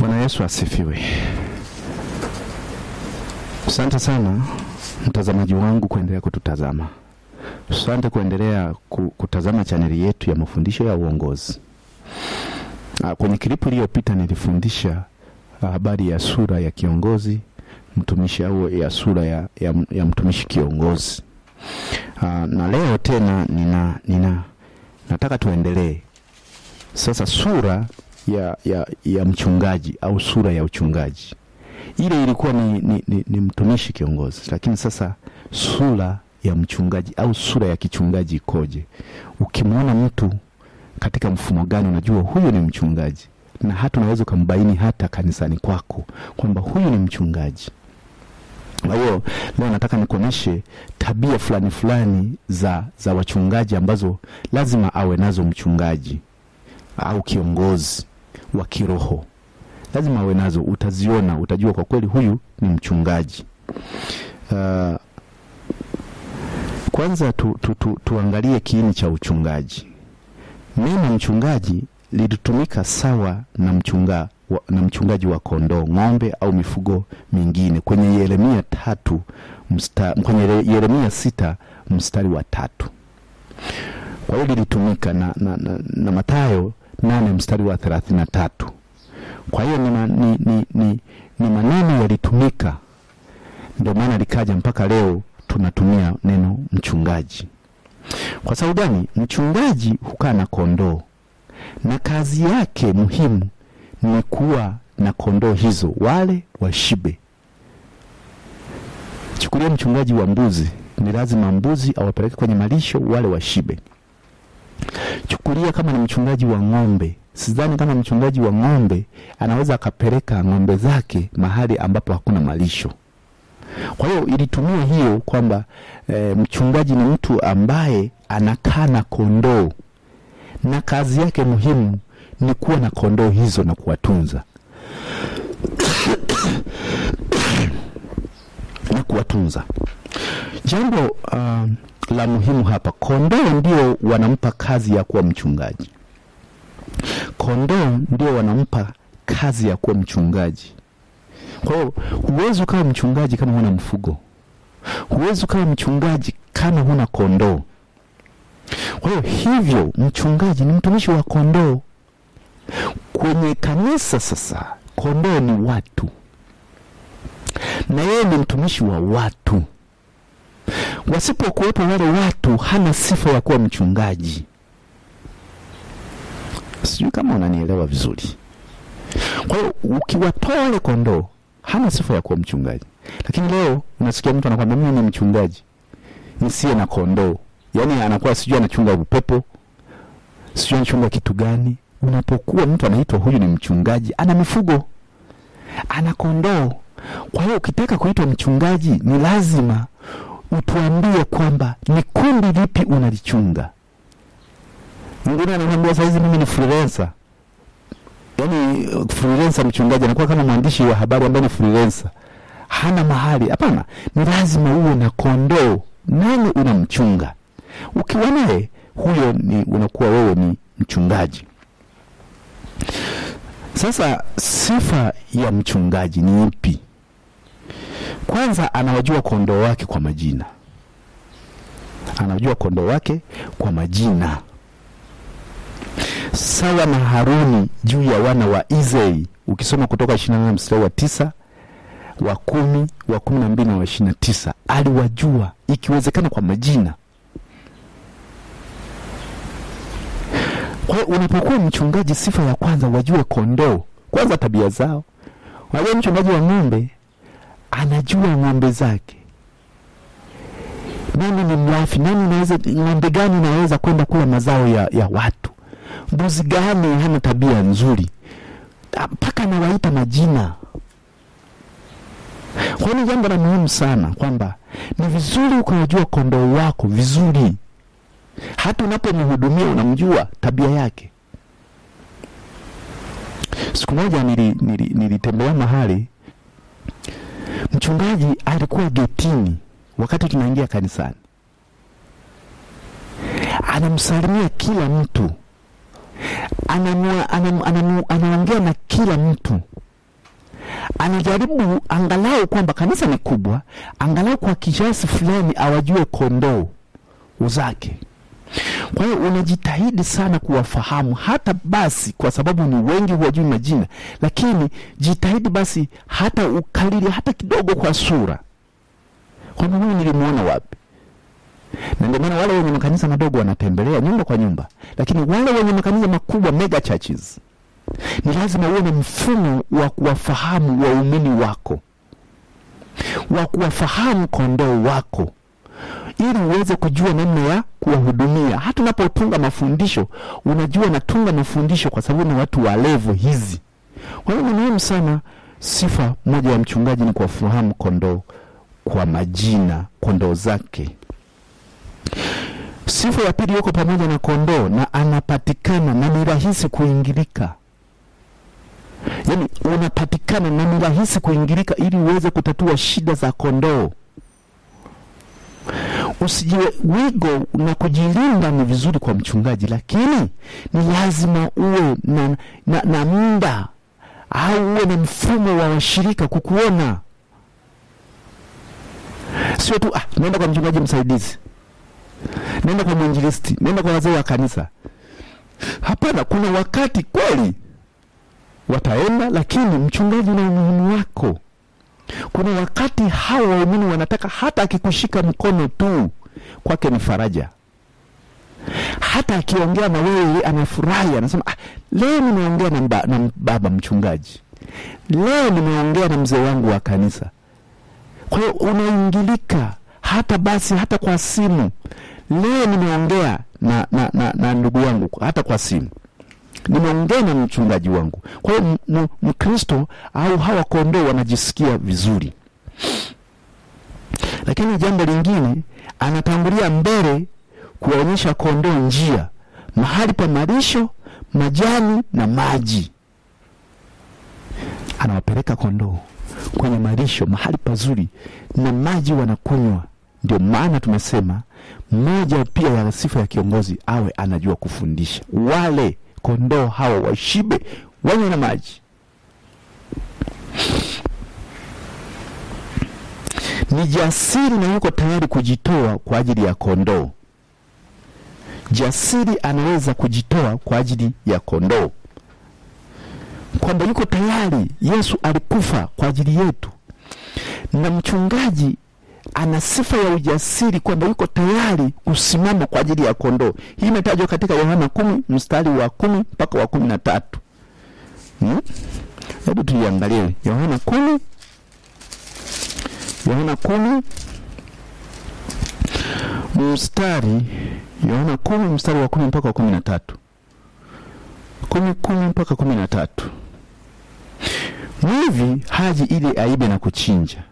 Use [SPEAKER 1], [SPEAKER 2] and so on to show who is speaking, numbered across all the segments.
[SPEAKER 1] Bwana Yesu asifiwe. Asante sana mtazamaji wangu kuendelea kututazama. Asante kuendelea kutazama chaneli yetu ya mafundisho ya uongozi. Ah, kwenye klipu iliyopita nilifundisha ah, habari ya sura ya kiongozi mtumishi au ya sura ya, ya, ya mtumishi kiongozi. Ah, na leo tena nina, nina nataka tuendelee sasa sura ya, ya, ya mchungaji au sura ya uchungaji. Ile ilikuwa ni, ni, ni, ni mtumishi kiongozi, lakini sasa sura ya mchungaji au sura ya kichungaji ikoje? Ukimwona mtu katika mfumo gani, unajua huyu ni mchungaji, na hata unaweza ukambaini hata kanisani kwako kwamba huyu ni mchungaji. Kwa hiyo leo nataka nikuonyeshe tabia fulani fulani za, za wachungaji ambazo lazima awe nazo mchungaji au kiongozi wa kiroho, lazima awe nazo, utaziona, utajua kwa kweli huyu ni mchungaji. Uh, kwanza tu, tu, tu, tuangalie kiini cha uchungaji. Neno mchungaji lilitumika sawa na mchunga wa, na mchungaji wa kondoo, ng'ombe au mifugo mingine kwenye Yeremia tatu msta, kwenye Yeremia sita mstari wa tatu. Kwa hiyo lilitumika na, na, na, na Mathayo nane mstari wa thelathini na tatu. Kwa hiyo ni, ni, ni, ni, ni maneno yalitumika, ndio maana likaja mpaka leo tunatumia neno mchungaji. Kwa sababu gani? Mchungaji hukaa na kondoo, na kazi yake muhimu ni kuwa na kondoo hizo wale washibe. Chukulia mchungaji wa mbuzi, ni lazima mbuzi awapeleke kwenye malisho wale washibe. Chukulia kama ni mchungaji wa ng'ombe, sidhani kama mchungaji wa ng'ombe anaweza akapeleka ng'ombe zake mahali ambapo hakuna malisho. Kwa hiyo ilitumia hiyo kwamba e, mchungaji ni mtu ambaye anakaa na kondoo na kazi yake muhimu ni kuwa na kondoo hizo na kuwatunza na kuwatunza jambo um, la muhimu hapa, kondoo ndio wanampa kazi ya kuwa mchungaji, kondoo ndio wanampa kazi ya kuwa mchungaji. Kwa hiyo huwezi ukawa mchungaji kama huna mfugo, huwezi ukawa mchungaji kama huna kondoo. Kwa hiyo hivyo, mchungaji ni mtumishi wa kondoo. Kwenye kanisa sasa, kondoo ni watu na yeye ni mtumishi wa watu. Wasipokuwepo wale watu, hana sifa ya kuwa mchungaji. Sijui kama unanielewa vizuri. Kwa hiyo ukiwatoa wale kondoo, hana sifa ya kuwa mchungaji. Lakini leo unasikia mtu anakwambia mimi ni mchungaji nisiye na kondoo, yaani anakuwa sijui anachunga upepo, sijui anachunga kitu gani. Unapokuwa mtu anaitwa huyu ni mchungaji, ana mifugo, ana kondoo. Kwa hiyo ukitaka kuitwa mchungaji, ni lazima utuambie kwamba ni kundi lipi unalichunga. Mwingine ananiambia hizi mimi ni freelancer. Yaani freelancer mchungaji anakuwa kama mwandishi wa habari ambaye ni freelancer. Hana mahali. Hapana, ni lazima uwe na kondoo. Nani unamchunga? Ukiwa naye huyo ni unakuwa wewe ni mchungaji. Sasa sifa ya mchungaji ni ipi? Kwanza anawajua kondoo wake kwa majina, anawajua kondoo wake kwa majina, sawa na Haruni juu ya wana wa Izei. Ukisoma Kutoka 28 mstari wa tisa wa kumi wa kumi na mbili na wa ishirini na tisa aliwajua ikiwezekana kwa majina. Kwa hiyo unapokuwa mchungaji, sifa ya kwanza wajue kondoo kwanza, tabia zao. Unajua mchungaji wa ng'ombe anajua ng'ombe zake, nani ni mlafi, nani naweza, ng'ombe gani naweza kwenda kula mazao ya, ya watu, mbuzi gani hana tabia nzuri, mpaka anawaita majina. Kwa hiyo jambo la muhimu sana kwamba ni vizuri ukawajua kondoo wako vizuri, hata unapomhudumia unamjua tabia yake. Siku moja nilitembelea nili, nili mahali Mchungaji alikuwa getini wakati tunaingia kanisani, anamsalimia kila mtu, anaongea na kila mtu, anajaribu angalau kwamba kanisa ni kubwa, angalau kwa kiasi fulani awajue kondoo uzake kwa hiyo unajitahidi sana kuwafahamu, hata basi, kwa sababu ni wengi huwajui majina, lakini jitahidi basi hata ukalili hata kidogo kwa sura, kwamba huyu nilimwona wapi. Na ndio maana wale wenye makanisa madogo wanatembelea nyumba kwa nyumba, lakini wale wenye makanisa makubwa, mega churches, ni lazima uwe na mfumo wa kuwafahamu waumini wako, wa kuwafahamu kondoo wako ili uweze kujua namna ya kuwahudumia. Hata unapotunga mafundisho, unajua natunga mafundisho kwa sababu ni watu wa levo hizi. Kwa hiyo muhimu sana, sifa moja ya mchungaji ni kuwafahamu kondoo kwa majina, kondoo zake. Sifa ya pili, yuko pamoja na kondoo na anapatikana na ni rahisi kuingilika. Yaani unapatikana na ni rahisi kuingilika, ili uweze kutatua shida za kondoo usijiwe wigo na kujilinda ni vizuri kwa mchungaji, lakini ni lazima uwe na, na, na muda au uwe na mfumo wa washirika kukuona, sio tu ah, naenda kwa mchungaji msaidizi, naenda kwa mwinjilisti, naenda kwa wazee wa kanisa. Hapana, kuna wakati kweli wataenda, lakini mchungaji na umuhimu wako kuna wakati hawa waumini wanataka hata akikushika mkono tu kwake ni faraja, hata akiongea na wewe anafurahi, anasema ah, leo nimeongea na, mba, na baba mchungaji, leo nimeongea na mzee wangu wa kanisa. Kwa hiyo unaingilika hata basi, hata kwa simu, leo nimeongea na, na, na, na ndugu wangu hata kwa simu nimeongea na mchungaji wangu. Kwa hiyo Mkristo au hawa kondoo wanajisikia vizuri, lakini jambo lingine, anatangulia mbele kuwaonyesha kondoo njia, mahali pa malisho, majani na maji. Anawapeleka kondoo kwenye malisho, mahali pazuri na maji wanakunywa. Ndio maana tumesema moja pia ya sifa ya kiongozi awe anajua kufundisha wale kondoo hawa washibe, wanywe na maji. Ni jasiri na yuko tayari kujitoa kwa ajili ya kondoo. Jasiri anaweza kujitoa kwa ajili ya kondoo, kwamba yuko tayari. Yesu alikufa kwa ajili yetu, na mchungaji ana sifa ya ujasiri kwamba yuko tayari kusimama kwa ajili ya kondoo. Hii imetajwa katika Yohana kumi mstari wa kumi mpaka wa kumi na tatu. Hmm? tuiangalie Yohana kumi Yohana kumi mstari Yohana kumi mstari wa kumi mpaka wa kumi na tatu kumi kumi mpaka kumi na tatu mwivi haji ili aibe na kuchinja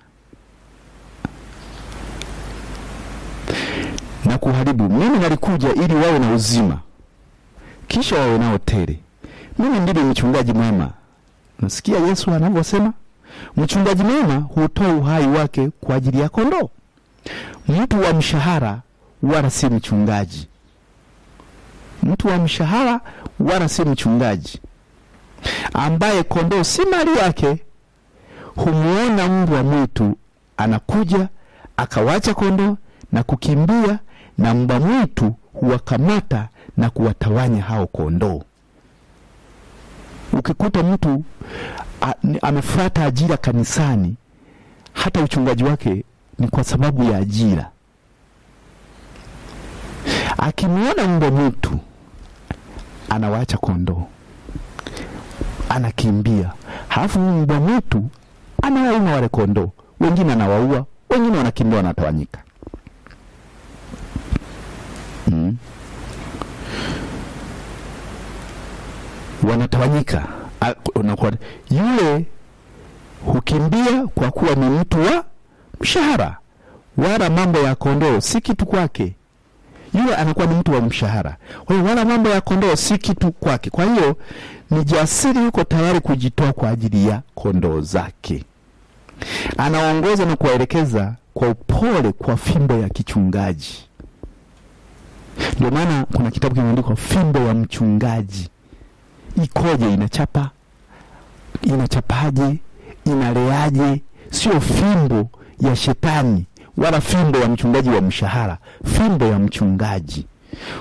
[SPEAKER 1] na kuharibu. Mimi nalikuja ili wawe na uzima, kisha wawe nao tele. Mimi ndimi mchungaji mwema. Nasikia Yesu anavyosema, mchungaji mwema hutoa uhai wake kwa ajili ya kondoo. Mtu wa mshahara wala si mchungaji, mtu wa mshahara wala si mchungaji, ambaye kondoo si mali yake, humuona mbwa mwitu anakuja akawacha kondoo na kukimbia na mba mwitu huwakamata na kuwatawanya hao kondoo. Ukikuta mtu amefuata ajira kanisani, hata uchungaji wake ni kwa sababu ya ajira. Akimwona mba mwitu anawaacha kondoo, anakimbia. Halafu mbwa mwitu anawauma wale kondoo, wengine anawaua, wengine wanakimbia, wanatawanyika. wanatawanyika. Yule hukimbia kwa kuwa ni mtu wa mshahara, wala mambo ya kondoo si kitu kwake. Yule anakuwa ni mtu wa mshahara, kwa hiyo wala mambo ya kondoo si kitu kwake. Kwa hiyo ni jasiri, yuko tayari kujitoa kwa ajili ya kondoo zake. Anaongoza na kuwaelekeza kwa upole, kwa fimbo ya kichungaji. Ndio maana kuna kitabu kimeandikwa fimbo ya mchungaji ikoje, inachapa inachapaje, inaleaje? Sio fimbo ya shetani wala fimbo ya mchungaji wa mshahara, fimbo ya mchungaji.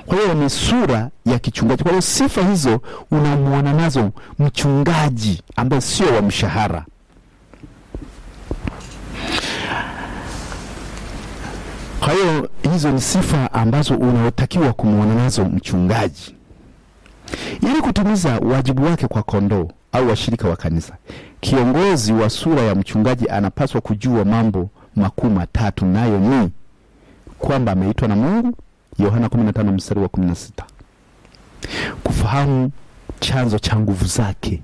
[SPEAKER 1] Kwa hiyo ni sura ya kichungaji. Kwa hiyo sifa hizo unamuona nazo mchungaji ambaye sio wa mshahara. Kwa hiyo hizo ni sifa ambazo unaotakiwa kumwona nazo mchungaji. Ili kutimiza wajibu wake kwa kondoo au washirika wa kanisa, kiongozi wa sura ya mchungaji anapaswa kujua mambo makuu matatu, nayo ni kwamba ameitwa na Mungu, Yohana 15 mstari wa 16, kufahamu chanzo cha nguvu zake.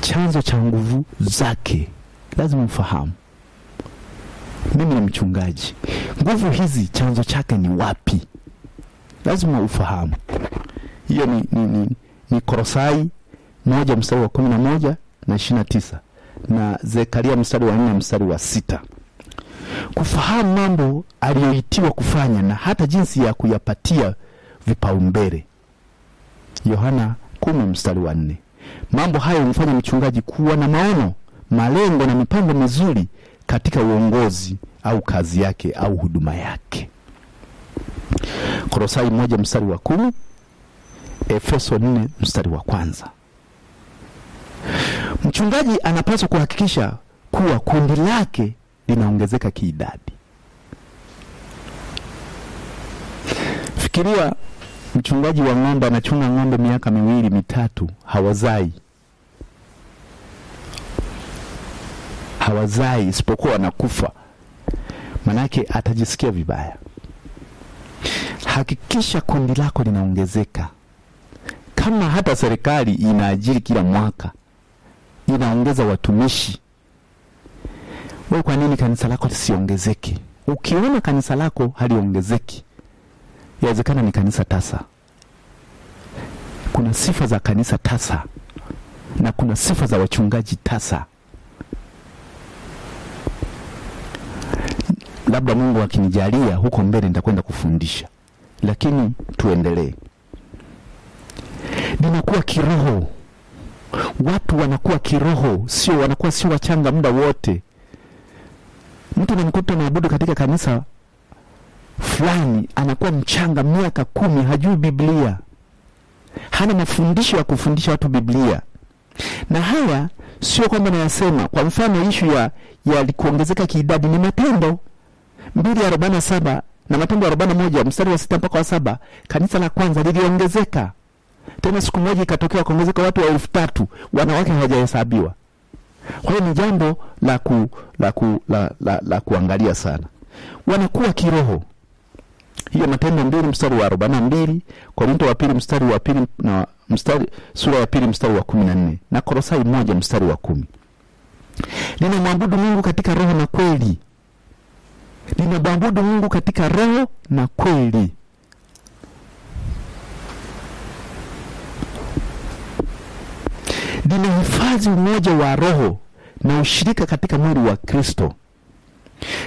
[SPEAKER 1] Chanzo cha nguvu zake lazima mfahamu. Mimi ni mchungaji, nguvu hizi chanzo chake ni wapi? lazima ufahamu hiyo ni, ni, ni, ni Korosai moja mstari wa kumi na moja na ishirini tisa na Zekaria mstari wa nne mstari wa sita kufahamu mambo aliyoitiwa kufanya na hata jinsi ya kuyapatia vipaumbele. Yohana kumi mstari wa nne. Mambo hayo humfanya mchungaji kuwa na maono, malengo na mipango mizuri katika uongozi au kazi yake au huduma yake. Kolosai moja mstari wa kumi, Efeso nne mstari wa kwanza. Mchungaji anapaswa kuhakikisha kuwa kundi lake linaongezeka kiidadi. Fikiria mchungaji wa ng'ombe anachunga ng'ombe miaka miwili mitatu, hawazai hawazai, isipokuwa wanakufa, manake atajisikia vibaya hakikisha kundi lako linaongezeka. Kama hata serikali inaajiri kila mwaka inaongeza watumishi, wewe kwa nini kanisa lako lisiongezeke? Ukiona kanisa lako haliongezeki, yawezekana ni kanisa tasa. Kuna sifa za kanisa tasa na kuna sifa za wachungaji tasa. Labda Mungu akinijalia, huko mbele nitakwenda kufundisha lakini tuendelee. Ninakuwa kiroho, watu wanakuwa kiroho, sio wanakuwa sio wachanga muda wote. Mtu namkuta naabudu katika kanisa fulani, anakuwa mchanga, miaka kumi, hajui Biblia, hana mafundisho ya kufundisha watu Biblia. Na haya sio kwamba nayasema. Kwa mfano ishu ya, yalikuongezeka kiidadi ni matendo mbili arobaini na saba na Matendo ya arobaini moja mstari wa sita mpaka wa saba kanisa la kwanza liliongezeka. Tena siku moja ikatokea kuongezeka watu wa elfu tatu wanawake hawajahesabiwa. Kwa hiyo ni jambo la, ku, la, ku, la, la, la kuangalia sana, wanakuwa kiroho. Hiyo Matendo mbili mstari wa arobaini na mbili Korinto wa pili mstari wa pili na mstari sura ya pili mstari wa kumi na nne na Kolosai moja mstari wa kumi ninamwabudu Mungu katika roho na kweli linamwabudu Mungu katika roho na kweli. Linahifadhi umoja wa roho na ushirika katika mwili wa Kristo.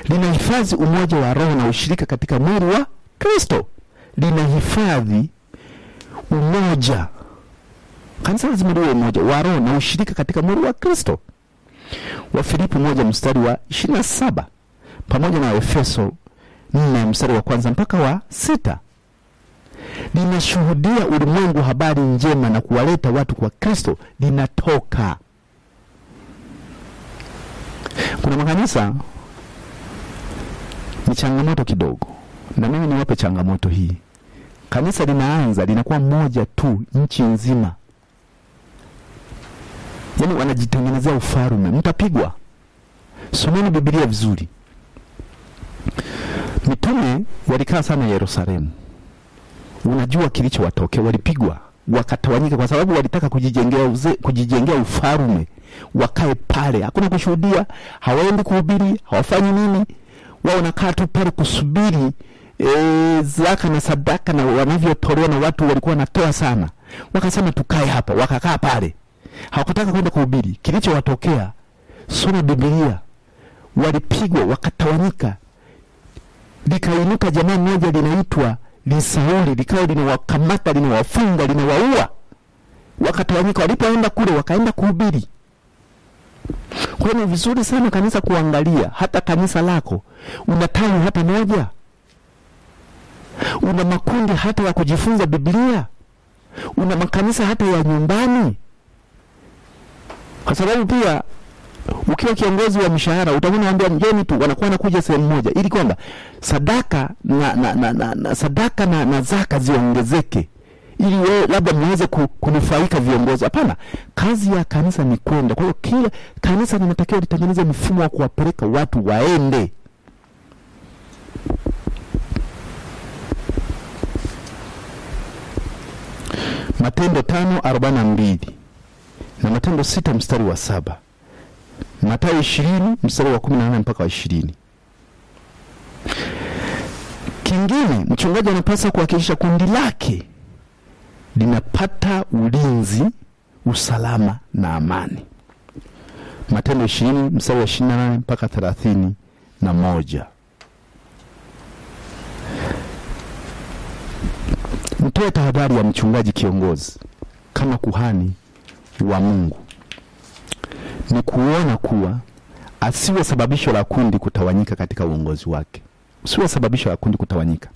[SPEAKER 1] Linahifadhi umoja wa roho na ushirika katika mwili wa Kristo. Linahifadhi umoja, kanisa lazima liwe umoja wa roho na ushirika katika mwili wa Kristo. Wafilipi moja mstari wa ishirini na saba pamoja na Waefeso nne mstari wa kwanza mpaka wa sita linashuhudia ulimwengu habari njema na kuwaleta watu kwa Kristo linatoka. Kuna makanisa ni changamoto kidogo, na mimi niwape changamoto hii. Kanisa linaanza linakuwa moja tu nchi nzima, yaani wanajitengenezea ufarume Mtapigwa. Someni Biblia vizuri. Mitume walikaa sana Yerusalemu. Unajua kilichowatokea, walipigwa wakatawanyika, kwa sababu walitaka kujijengea uze, kujijengea ufarume, wakae pale, hakuna kushuhudia, hawaendi kuhubiri, hawafanyi nini, wao nakaa tu pale kusubiri e, zaka na sadaka na wanavyotolewa na watu walikuwa wanatoa sana. Wakasema tukae hapa, wakakaa pale, hawakutaka kwenda kuhubiri. Kilichowatokea, soma Biblia, walipigwa wakatawanyika likainuka jamaa moja linaitwa Lisauli, likawa linawakamata linawafunga linawaua, wakatawanyika. Walipoenda kule, wakaenda kuhubiri. Kwa hiyo ni vizuri sana kanisa kuangalia, hata kanisa lako una tawi hata moja, una makundi hata ya kujifunza Biblia, una makanisa hata ya nyumbani, kwa sababu pia ukiwa kiongozi wa mishahara utakuwa unaambia mgeni tu, wanakuwa wanakuja sehemu moja, ili kwamba sadaka na, na, na, na, na sadaka na, na zaka ziongezeke ili wewe labda mweze kunufaika viongozi. Hapana, kazi ya kanisa ni kwenda. Kwa hiyo kila kanisa linatakiwa litengeneze mfumo wa kuwapeleka watu waende. Matendo tano arobaini na mbili na Matendo sita mstari wa saba Matayo ishirini mstari wa kumi na nane mpaka wa ishirini. Kingine, mchungaji anapaswa kuhakikisha kundi lake linapata ulinzi, usalama na amani. Matendo ishirini mstari wa ishirini na nane mpaka thelathini na moja. Mtoe tahadhari ya mchungaji kiongozi kama kuhani wa Mungu ni kuona kuwa asiwe sababisho la kundi kutawanyika katika uongozi wake, siwe sababisho la kundi kutawanyika.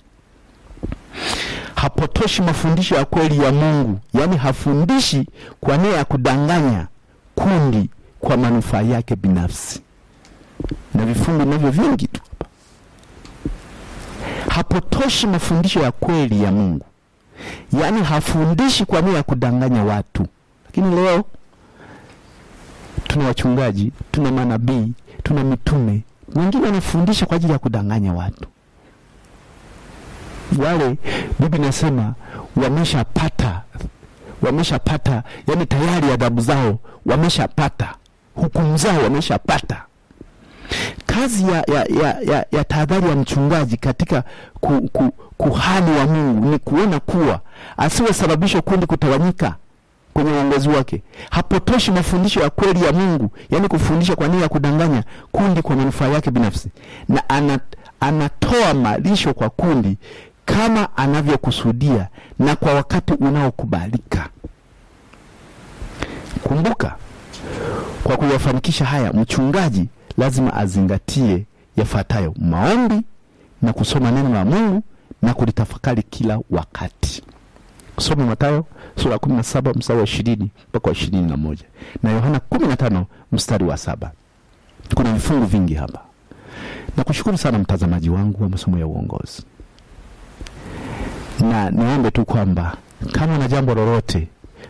[SPEAKER 1] Hapotoshi mafundisho ya kweli ya Mungu, yaani hafundishi kwa nia ya kudanganya kundi kwa manufaa yake binafsi, na vifungu navyo vingi tu hapa. Hapotoshi mafundisho ya kweli ya Mungu, yaani hafundishi kwa nia ya kudanganya watu, lakini leo tuna wachungaji, tuna manabii, tuna mitume. Wengine wanafundisha kwa ajili ya kudanganya watu. Wale Biblia inasema wameshapata, wameshapata, yani tayari adhabu zao wameshapata, hukumu zao wameshapata. Kazi ya, ya, ya, ya, ya tahadhari ya mchungaji katika ku, ku, kuhani wa Mungu ni kuona kuwa asiwe sababisho kundi kutawanyika kwenye uongozi wake, hapotoshi mafundisho ya kweli ya Mungu, yaani kufundisha kwa nia ya kudanganya kundi kwa manufaa yake binafsi, na ana, anatoa malisho kwa kundi kama anavyokusudia na kwa wakati unaokubalika. Kumbuka, kwa kuyafanikisha haya, mchungaji lazima azingatie yafuatayo: maombi na kusoma neno la Mungu na kulitafakari kila wakati. Soma Mathayo sura ya kumi na saba mstari wa ishirini mpaka wa ishirini na moja na Yohana kumi na tano mstari wa saba. Kuna vifungu vingi hapa. Nakushukuru sana mtazamaji wangu wa masomo ya uongozi, na niombe tu kwamba kama na jambo lolote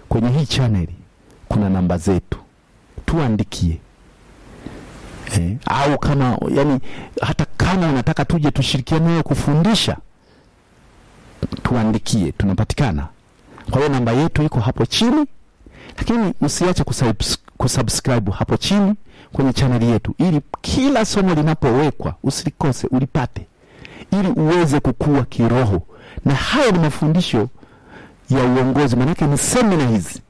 [SPEAKER 1] kwenye hii chaneli, kuna namba zetu, tuandikie eh, au kama yani, hata kama unataka tuje tushirikiane kufundisha, tuandikie, tunapatikana kwa hiyo namba yetu iko hapo chini, lakini usiache kusubscribe hapo chini kwenye chaneli yetu, ili kila somo linapowekwa usilikose, ulipate, ili uweze kukua kiroho. Na haya ni mafundisho ya uongozi, maanake ni semina hizi.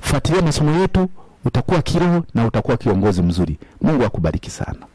[SPEAKER 1] Fuatilia masomo yetu, utakuwa kiroho na utakuwa kiongozi mzuri. Mungu akubariki sana.